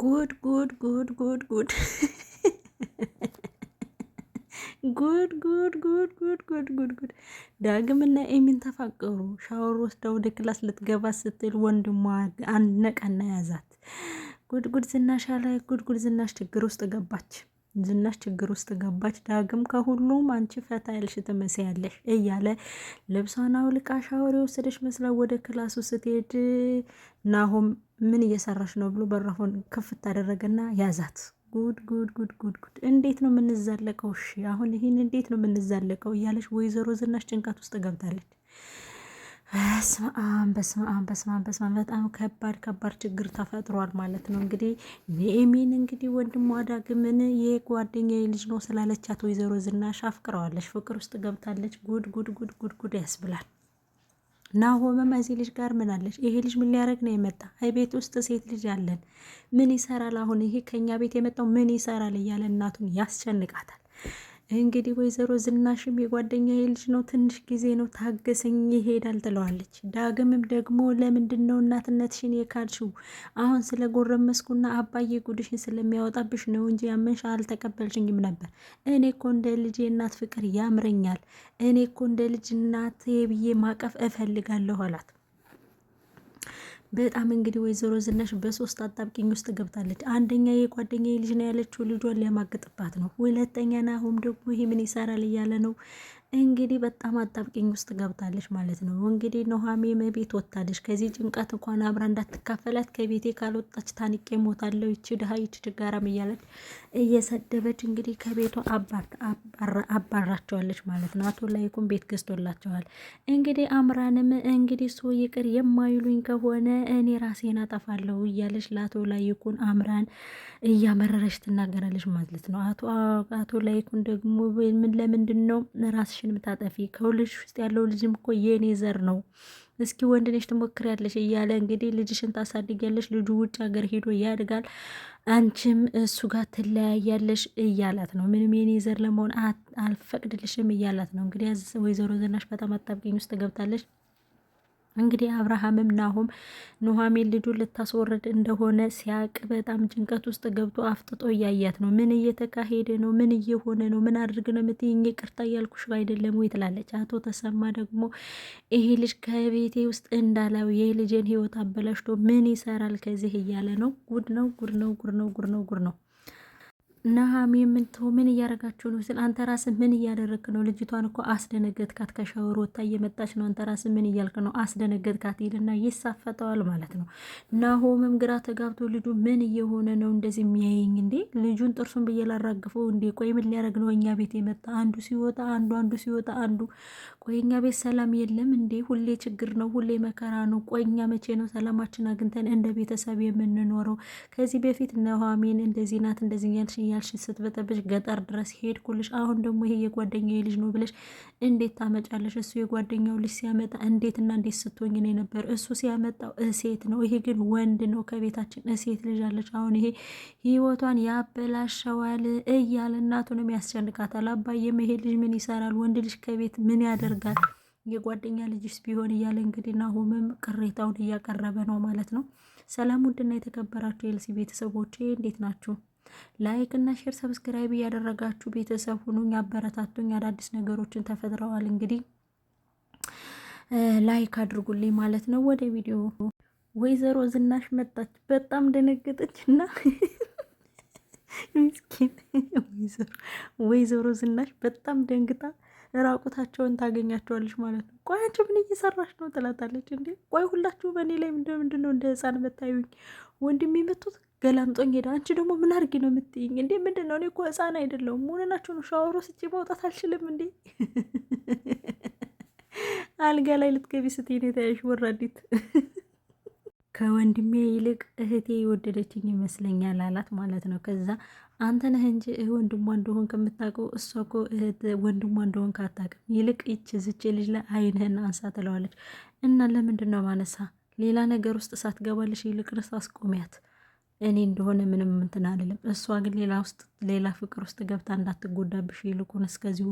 ጉድ ጉድ ጉድ ጉድ ጉድ ጉድ ጉድ ጉድ ጉድ ጉድ ጉድ ጉድ ዳግምና ኤሚን ተፋቀሩ። ሻወር ወስዳ ወደ ክላስ ልትገባ ስትል ወንድሟ አነቀና ያዛት። ጉድ ጉድ ዝናሽ አለ። ጉድ ጉድ ዝናሽ ችግር ውስጥ ገባች። ዝናሽ ችግር ውስጥ ገባች። ዳግም ከሁሉም አንቺ ፈታ ያልሽ ትመስያለሽ እያለ ልብሷን አውልቃ ሻወር የወሰደች መስላ ወደ ክላሱ ስትሄድ ናሆም ምን እየሰራች ነው ብሎ በራፎን ክፍት አደረገና ያዛት። ጉድ ጉድ ጉድ ጉድ ጉድ! እንዴት ነው የምንዛለቀው? እሺ አሁን ይህን እንዴት ነው የምንዛለቀው? እያለች ወይዘሮ ዝናሽ ጭንቀት ውስጥ ገብታለች። በስማም በስማም በስማም በስማም በጣም ከባድ ከባድ ችግር ተፈጥሯል ማለት ነው። እንግዲህ ኑኤሚን እንግዲህ ወንድሟ ዳግምን የጓደኛዬ ልጅ ነው ስላለቻት ወይዘሮ ዝናሽ አፍቅረዋለች፣ ፍቅር ውስጥ ገብታለች። ጉድ ጉድ ጉድ ጉድ ጉድ ያስብላል። ናሆምም እዚህ ልጅ ጋር ምን አለች? ይሄ ልጅ ምን ሊያደርግ ነው የመጣ? አይ ቤት ውስጥ ሴት ልጅ አለን፣ ምን ይሰራል አሁን? ይሄ ከእኛ ቤት የመጣው ምን ይሰራል እያለ እናቱን ያስጨንቃታል። እንግዲህ ወይዘሮ ዝናሽም የጓደኛ ልጅ ነው፣ ትንሽ ጊዜ ነው፣ ታገሰኝ ይሄዳል ትለዋለች። ዳግምም ደግሞ ለምንድን ነው እናትነትሽን የካድሽው? አሁን ስለ ጎረመስኩና አባዬ ጉድሽን ስለሚያወጣብሽ ነው እንጂ ያመንሽ አልተቀበልሽኝም ነበር። እኔ እኮ እንደ ልጅ የእናት ፍቅር ያምረኛል። እኔ እኮ እንደ ልጅ እናቴ ብዬ ማቀፍ እፈልጋለሁ አላት። በጣም እንግዲህ ወይዘሮ ዝናሽ በሶስት አጣብቂኝ ውስጥ ገብታለች። አንደኛ የጓደኛ ልጅ ነው ያለችው ልጇን ሊያማግጥባት ነው። ሁለተኛ ናሆም ደግሞ ይሄ ምን ይሰራል እያለ ነው። እንግዲህ በጣም አጣብቂኝ ውስጥ ገብታለች ማለት ነው። እንግዲህ ኑሃሚን ቤት ወታለች። ከዚህ ጭንቀት እንኳን አብራ እንዳትካፈላት ከቤቴ ካልወጣች ታንቄ ሞታለሁ፣ ይቺ ድሃ፣ ይቺ ችጋራም እያለች እየሰደበች እንግዲህ ከቤቷ አባራቸዋለች ማለት ነው። አቶ ላይኩም ቤት ገዝቶላቸዋል። እንግዲህ አምራንም እንግዲህ ሶ ይቅር የማይሉኝ ከሆነ እኔ ራሴን አጠፋለሁ እያለች ለአቶ ላይኩን አምራን እያመረረች ትናገራለች ማለት ነው። አቶ ላይኩን ደግሞ ለምንድን ነው ራስ ልጅሽን የምታጠፊ ከሁልሽ ውስጥ ያለው ልጅም እኮ የኔ ዘር ነው። እስኪ ወንድ ነሽ ትሞክሪያለሽ እያለ እንግዲህ ልጅሽን ታሳድጊያለሽ፣ ልጁ ውጭ ሀገር ሄዶ ያድጋል፣ አንቺም እሱ ጋር ትለያያለሽ እያላት ነው። ምንም የኔ ዘር ለመሆን አልፈቅድልሽም እያላት ነው። እንግዲህ ወይዘሮ ዝናሽ በጣም አጣብቂኝ ውስጥ ገብታለች። እንግዲህ አብርሃምም ናሆም ኑሐሚን ልጁ ልታስወርድ እንደሆነ ሲያቅ በጣም ጭንቀት ውስጥ ገብቶ አፍጥጦ እያያት ነው። ምን እየተካሄደ ነው? ምን እየሆነ ነው? ምን አድርግ ነው የምትይኝ? ይቅርታ እያልኩሽ አይደለም ወይ ትላለች። አቶ ተሰማ ደግሞ ይሄ ልጅ ከቤቴ ውስጥ እንዳላው የልጄን ህይወት አበላሽቶ ምን ይሰራል ከዚህ እያለ ነው። ጉድ ነው፣ ጉድ ነው፣ ጉድ ነው፣ ጉድ ነው፣ ጉድ ነው። ነሀሚ የምንትሆ ምን እያደረጋችሁ ነው ስል አንተ ራስህ ምን እያደረግክ ነው? ልጅቷን እኮ አስደነገጥካት። ከሻወር ወታ እየመጣች ነው። አንተ ራስህ ምን እያልክ ነው? አስደነገጥካት ይልና ይሳፈጠዋል ማለት ነው። ናሆምም ግራ ተጋብቶ ልጁ ምን እየሆነ ነው እንደዚህ የሚያየኝ እንዴ? ልጁን ጥርሱን ብዬ ላራግፈው እንዴ? ቆይ ምን ሊያደረግ ነው? እኛ ቤት የመጣ አንዱ ሲወጣ አንዱ አንዱ ሲወጣ አንዱ። ቆይ እኛ ቤት ሰላም የለም እንዴ? ሁሌ ችግር ነው፣ ሁሌ መከራ ነው። ቆይ እኛ መቼ ነው ሰላማችን አግኝተን እንደ ቤተሰብ የምንኖረው? ከዚህ በፊት ነሀሚን እንደዚህ ናት እንደዚህ ያልሽ እያልሽ ስትበጠብሽ ገጠር ድረስ ሄድኩልሽ። አሁን ደግሞ ይሄ የጓደኛዬ ልጅ ነው ብለሽ እንዴት ታመጫለሽ? እሱ የጓደኛው ልጅ ሲያመጣ እንዴትና እንዴት ስትሆኝ ነው ነበር። እሱ ሲያመጣው እሴት ነው፣ ይሄ ግን ወንድ ነው። ከቤታችን እሴት ልጅ አለች። አሁን ይሄ ህይወቷን ያበላሸዋል እያለ እናቱንም ያስጨንቃታል። አባዬ መሄድ ልጅ ምን ይሰራል? ወንድ ልጅ ከቤት ምን ያደርጋል? የጓደኛ ልጅስ ቢሆን እያለ እንግዲህ ናሆምም ቅሬታውን እያቀረበ ነው ማለት ነው። ሰላም ውድና የተከበራችሁ የልሲ ቤተሰቦቼ እንዴት ናችሁ? ላይክ እና ሼር ሰብስክራይብ እያደረጋችሁ ቤተሰብ ሁኑኝ፣ አበረታቱኝ። አዳዲስ ነገሮችን ተፈጥረዋል እንግዲህ ላይክ አድርጉልኝ ማለት ነው። ወደ ቪዲዮ ወይዘሮ ዝናሽ መጣች። በጣም ደነገጠች እና ምስኪን ወይዘሮ ዝናሽ በጣም ደንግጣ ራቁታቸውን ታገኛቸዋለች ማለት ነው። ቆይ አንቺ ምን እየሰራሽ ነው ትላታለች። እንዴ ቆይ ሁላችሁ በእኔ ላይ ምንድነው እንደ ህፃን መታዩኝ ወንድም የመጡት ገላምጦኝ ሄደ። አንቺ ደግሞ ምን አርጊ ነው የምትይኝ እንዴ? ምንድን ነው? እኔ እኮ ህፃን አይደለሁም። መሆንናችሁ ነው። ሻወሮ ስጭ መውጣት አልችልም እንዴ? አልጋ ላይ ልትገቢ ስትይ ነው የተያዥ ወራዲት ከወንድሜ ይልቅ እህቴ የወደደችኝ ይመስለኛል አላት ማለት ነው። ከዛ አንተ ነህ እንጂ ወንድሟ እንደሆን ከምታውቀው እሷ እኮ ወንድሟ እንደሆን ካታውቅም ይልቅ ይች ዝች ልጅ ላይ አይንህን አንሳ ትለዋለች። እና ለምንድን ነው ማነሳ? ሌላ ነገር ውስጥ ሳትገባልሽ ይልቅ ርስ አስቆሚያት እኔ እንደሆነ ምንም እንትን አልልም። እሷ ግን ሌላ ውስጥ ሌላ ፍቅር ውስጥ ገብታ እንዳትጎዳብሽ ይልቁን እስከዚሁ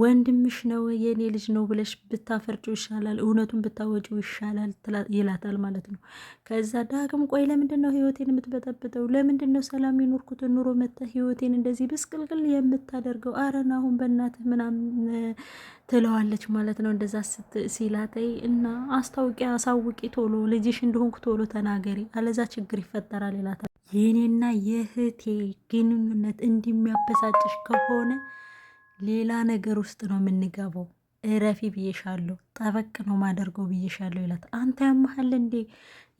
ወንድምሽ ነው የእኔ ልጅ ነው ብለሽ ብታፈርጪው ይሻላል፣ እውነቱን ብታወጪው ይሻላል ይላታል ማለት ነው። ከዛ ዳግም ቆይ ለምንድን ነው ህይወቴን የምትበጠብጠው? ለምንድን ነው ሰላም የኖርኩትን ኑሮ መጥተህ ህይወቴን እንደዚህ ብስቅልቅል የምታደርገው? አረን አሁን በእናትህ ምናምን ትለዋለች ማለት ነው። እንደዛ ሲላተይ እና አስታውቂያ አሳውቂ ቶሎ ልጅሽ እንደሆንኩ ቶሎ ተናገሪ፣ አለዛ ችግር ይፈጠራል ይላታል። የእኔና የእህቴ ግንኙነት እንዲሚያበሳጭሽ ከሆነ ሌላ ነገር ውስጥ ነው የምንገባው። እረፊ ብዬሻለሁ፣ ጠበቅ ነው ማደርገው ብዬሻለሁ ይላት። አንተ ያመሃል እንዴ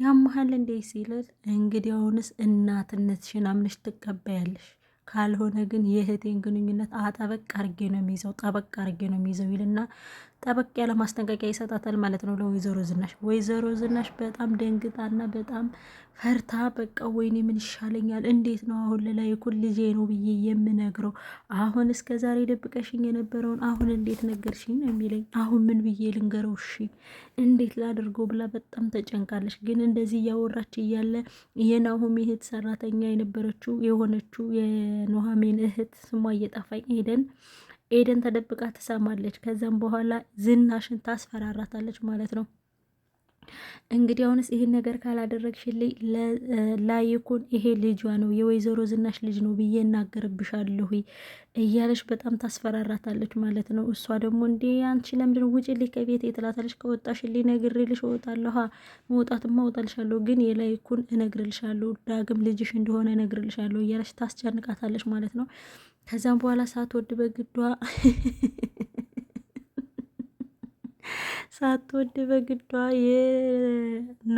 ያመሃል እንዴ ሲልል እንግዲያውንስ እናትነትሽን አምነሽ ትቀበያለሽ ካልሆነ ግን የእህቴን ግንኙነት አጠበቅ አርጌ ነው የሚይዘው፣ ጠበቅ አርጌ ነው የሚይዘው ይልና ጠበቅ ያለ ማስጠንቀቂያ ይሰጣታል ማለት ነው ለወይዘሮ ዝናሽ። ወይዘሮ ዝናሽ በጣም ደንግጣና በጣም ፈርታ በቃ ወይኔ ምን ይሻለኛል? እንዴት ነው አሁን ለላይ ኩል ልጄ ነው ብዬ የምነግረው? አሁን እስከ ዛሬ ደብቀሽኝ የነበረውን አሁን እንዴት ነገርሽኝ ነው የሚለኝ? አሁን ምን ብዬ ልንገረው? እሺ እንዴት ላድርገው ብላ በጣም ተጨንቃለች። ግን እንደዚህ እያወራች እያለ የናሆም እህት ሰራተኛ የነበረችው የሆነችው የኑሐሚን እህት ስሟ እየጠፋኝ ሄደን ኤደን ተደብቃ ትሰማለች። ከዛም በኋላ ዝናሽን ታስፈራራታለች ማለት ነው። እንግዲህ አሁንስ ይህን ነገር ካላደረግሽልኝ ላይኩን ይሄ ልጇ ነው የወይዘሮ ዝናሽ ልጅ ነው ብዬ እናገርብሻለሁ እያለች በጣም ታስፈራራታለች ማለት ነው። እሷ ደግሞ እንዴ አንቺ ለምንድን ውጭልኝ ከቤት የትላታለች። ከወጣሽልኝ ነግሬልሽ እወጣለሁ። መውጣትማ እወጣልሻለሁ፣ ግን የላይኩን እነግርልሻለሁ፣ ዳግም ልጅሽ እንደሆነ እነግርልሻለሁ እያለች ታስጨንቃታለች ማለት ነው። ከዛም በኋላ ሳትወድ በግዷ ሳትወድ በግዷ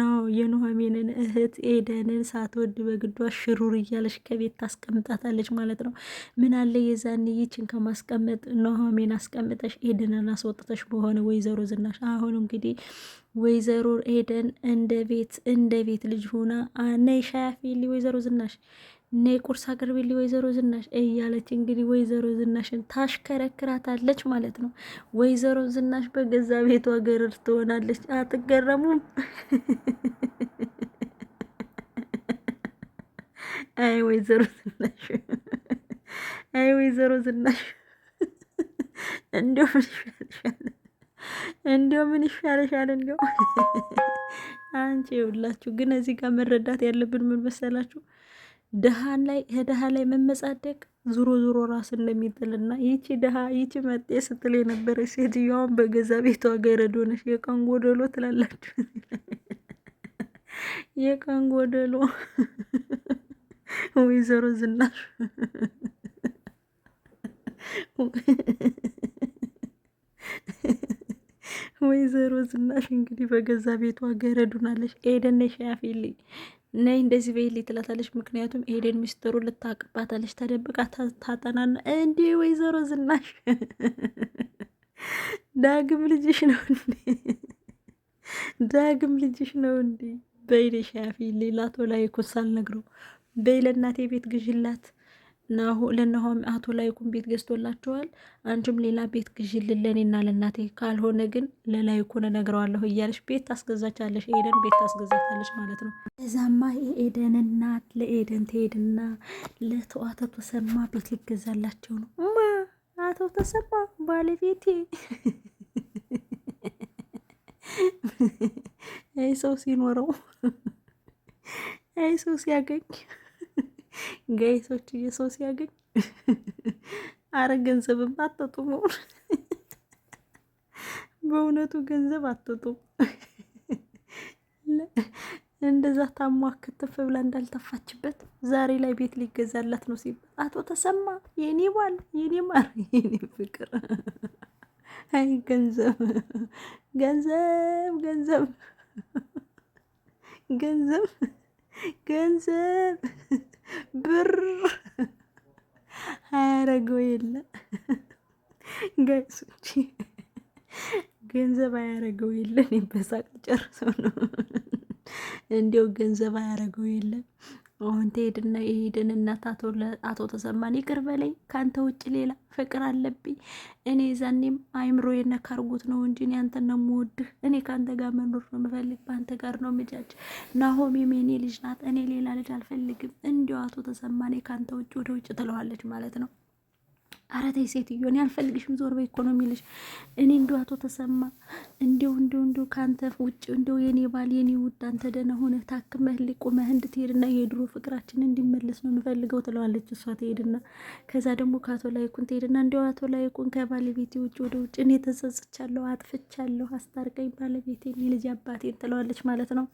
ነው የኑሐሚንን እህት ኤደንን ሳትወድ በግዷ ሽሩር እያለች ከቤት ታስቀምጣታለች ማለት ነው። ምን አለ የዛን ይችን ከማስቀመጥ ኑሐሚን አስቀምጠሽ ኤደንን አስወጥተሽ በሆነ ወይዘሮ ዝናሽ። አሁን እንግዲህ ወይዘሮ ኤደን እንደ ቤት እንደ ቤት ልጅ ሆና ነይ ሻያፊ ወይዘሮ ዝናሽ እነ ቁርስ አቅርቢልኝ ወይዘሮ ዝናሽ እያለች እንግዲህ ወይዘሮ ዝናሽን ታሽከረክራታለች ማለት ነው። ወይዘሮ ዝናሽ በገዛ ቤቷ ገረድ ትሆናለች። አትገረሙም? አይ ወይዘሮ ዝናሽ አይ ወይዘሮ ዝናሽ እንዲያው ምን ይሻልሻል? እንዲያው ምን ይሻልሻል? እንዲያው አንቺ ይኸውላችሁ ግን እዚህ ጋር መረዳት ያለብን ምን መሰላችሁ? ድሃን ላይ ከድሃ ላይ መመጻደቅ ዙሮ ዙሮ ራስን እንደሚጥልና ይቺ ድሃ ይቺ መጤ ስትል የነበረች ሴትዮዋን በገዛ ቤቷ ገረድ ሆነሽ የቀን ጎደሎ ትላላችሁ። የቀን ጎደሎ ወይዘሮ ዝናሽ ወይዘሮ ዝናሽ እንግዲህ በገዛ ቤቷ ገረዱናለች። ሆናለች። ኤደን ሻያፊልኝ ነይ እንደዚህ በይል ትላታለች። ምክንያቱም ኤደን ሚስጥሩ ልታቅባታለች፣ ተደብቃ ታጠናና እንዴ ወይዘሮ ዝናሽ ዳግም ልጅሽ ነው እንዴ? ዳግም ልጅሽ ነው እንዴ? በይኔ ሻፊ ሌላቶ ላይ ኩሳል ነግሮ በይ ለእናቴ ቤት ግዥላት ናሁ ለነሆም አቶ ላይኩን ቤት ገዝቶላቸዋል። አንቺም ሌላ ቤት ግዢልን ለእኔና ለእናቴ ካልሆነ ግን ለላይኩን እነግረዋለሁ እያለሽ ቤት ታስገዛቻለሽ፣ ኤደን ቤት ታስገዛቻለሽ ማለት ነው። እዛማ የኤደን እናት ለኤደን ትሄድና ለተዋተ ተሰማ ቤት ሊገዛላቸው ነው። እማ አቶ ተሰማ ባለቤቴ ሰው ሲኖረው ሰው ሲያገኝ ጋይሶች እየሰው ሲያገኝ አረ ገንዘብም አትጡም። በእውነቱ ገንዘብ አትጡም። እንደዛ ታሟ ክትፍ ብላ እንዳልተፋችበት ዛሬ ላይ ቤት ሊገዛላት ነው ሲባል አቶ ተሰማ የኔ ባል፣ የኔ ማር፣ የኔ ፍቅር፣ አይ ገንዘብ ገንዘብ ገንዘብ ገንዘብ ገንዘብ ብር አያረገው የለ ጋይሶች፣ ገንዘብ አያረገው የለን። በሳቅ ጨርሰው ነው እንዲያው ገንዘብ አያረገው የለን። አሁን ትሄድና የሄድን እናት አቶ ተሰማን ይቅር በለኝ፣ ከአንተ ውጭ ሌላ ፍቅር አለብኝ። እኔ ዛኔም አይምሮ የነካርጉት ነው እንጂ እኔ አንተን ነው የምወድህ። እኔ ከአንተ ጋር መኖር ነው የምፈልግ፣ በአንተ ጋር ነው ምጃጅ። ናሆሜም የኔ ልጅ ናት፣ እኔ ሌላ ልጅ አልፈልግም። እንዲያው አቶ ተሰማ እኔ ከአንተ ውጭ ወደ ውጭ ትለዋለች ማለት ነው። ኧረ ተይ ሴትዮ እኔ አልፈልግሽም፣ ዞር በይ እኮ ነው የሚልሽ። እኔ እንዲ አቶ ተሰማ እንዲው እንደው እንደው ከአንተ ውጭ እንደው የኔ ባል የኔ ውድ አንተ ደህና ሆነህ ታክመህ ሊቁመህ እንድትሄድና የድሮ ፍቅራችን እንዲመለስ ነው የምፈልገው ትለዋለች። እሷ ትሄድና ከዛ ደግሞ ከአቶ ላይኩን ትሄድና እንዲው አቶ ላይኩን ከባለቤቴ ውጭ ወደ ውጭ እኔ ተጸጽቻለሁ፣ አጥፍቻለሁ፣ አስታርቀኝ ባለቤቴን፣ የልጅ አባቴን ትለዋለች ማለት ነው።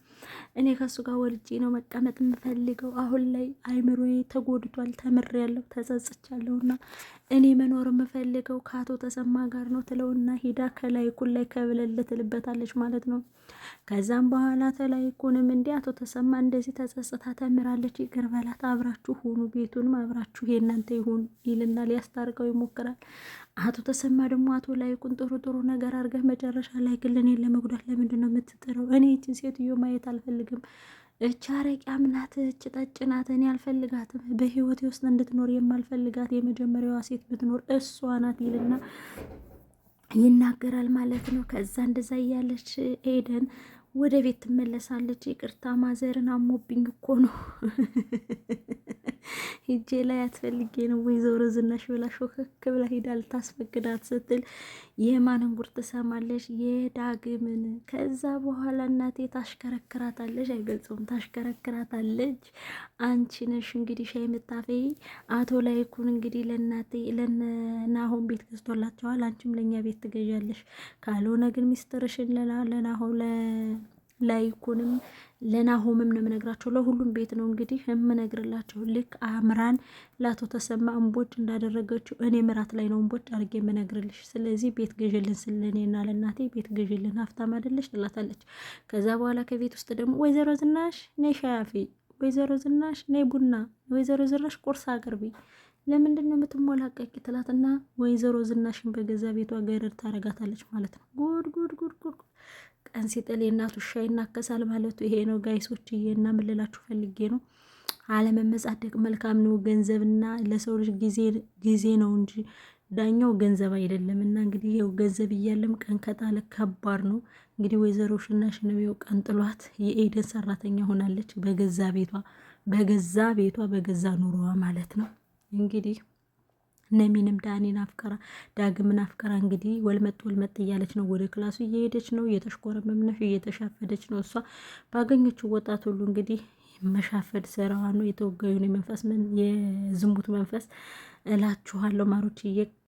እኔ ከእሱ ጋር ወልጄ ነው መቀመጥ የምፈልገው። አሁን ላይ አይምሮዬ ተጎድቷል፣ ተምሬያለሁ፣ ተጸጽቻለሁና እኔ መኖር የምፈልገው ከአቶ ተሰማ ጋር ነው ትለውና ሂዳ ከላይኩን ላይ ከብለል ትልበታለች ማለት ነው። ከዛም በኋላ ተላይኩንም ኩንም እንዲህ አቶ ተሰማ እንደዚህ ተጸጽታ ተምራለች፣ ይቅር በላት፣ አብራችሁ ሁኑ፣ ቤቱንም አብራችሁ የእናንተ ይሁን ይልና ሊያስታርቀው ይሞክራል። አቶ ተሰማ ደግሞ አቶ ላይ ጥሩ ጥሩ ነገር አድርገህ መጨረሻ ላይ ግን እኔን ለመጉዳት ለምንድን ነው የምትጥረው? እኔ ይችን ሴትዮ ማየት አልፈልግም እች አረቂ አምናት እች ጠጭናት እኔ አልፈልጋትም፣ በህይወቴ ውስጥ እንድትኖር የማልፈልጋት የመጀመሪያዋ ሴት ብትኖር እሷ ናት ይልና ይናገራል ማለት ነው። ከዛ እንደዛ እያለች ኤደን ወደ ቤት ትመለሳለች። ይቅርታ ማዘርን አሞብኝ እኮ ነው ሄጄ ላይ አትፈልጌ ነው ዞሮ ዝናሽ ብላ ሾከክ ብላ ሂዳ ልታስፈቅዳት ስትል የማንን ጉር ትሰማለች? የዳግምን። ከዛ በኋላ እናቴ ታሽከረክራታለች፣ አይገልጽም፣ ታሽከረክራታለች። አንቺ ነሽ እንግዲህ ሻይ የምታፈይ። አቶ ላይኩን እንግዲህ ለእናቴ ለናሆን ቤት ገዝቶላቸዋል፣ አንቺም ለእኛ ቤት ትገዣለሽ። ካልሆነ ግን ሚስጥርሽን ለ ላይኩንም ለናሆምም ነው የምነግራቸው። ለሁሉም ቤት ነው እንግዲህ የምነግርላቸው። ልክ አምራን ለአቶ ተሰማ እንቦጭ እንዳደረገችው እኔ ምራት ላይ ነው እንቦጭ አድርጌ የምነግርልሽ። ስለዚህ ቤት ግዥልን ስለኔና ለእናቴ ቤት ግዥልን፣ ሀብታም አይደለሽ ትላታለች። ከዛ በኋላ ከቤት ውስጥ ደግሞ ወይዘሮ ዝናሽ ነይ ሻያፊ፣ ወይዘሮ ዝናሽ ነይ ቡና፣ ወይዘሮ ዝናሽ ቁርስ አቅርቢ ለምንድን ነው የምትሞላቀቂ? ትላትና ወይዘሮ ዝናሽን በገዛ ቤቷ ገረድ ታረጋታለች ማለት ነው። ጉድ ጉድ ጉድ ጉድ! ቀን ሲጥል የእናቱ ውሻ ይናከሳል ማለቱ ይሄ ነው ጋይሶች። እና ምልላችሁ ፈልጌ ነው አለመመጻደቅ መልካም ነው። ገንዘብና ለሰው ልጅ ጊዜ ነው እንጂ ዳኛው ገንዘብ አይደለም። እና እንግዲህ ይኸው ገንዘብ እያለም ቀን ከጣለ ከባድ ነው። እንግዲህ ወይዘሮ ሽናሽ ነው ይኸው ቀን ጥሏት የኤደን ሰራተኛ ሆናለች፣ በገዛ ቤቷ በገዛ ቤቷ በገዛ ኑሮዋ ማለት ነው እንግዲህ ነሚንም ዳኒን አፍቀራ ዳግምን አፍቀራ እንግዲህ ወልመጥ ወልመጥ እያለች ነው። ወደ ክላሱ እየሄደች ነው። እየተሽኮረመምነሽ እየተሻፈደች ነው። እሷ ባገኘችው ወጣት ሁሉ እንግዲህ መሻፈድ ስራዋ ነው። የተወጋዩን የመንፈስ የዝሙት መንፈስ እላችኋለሁ ማሮችዬ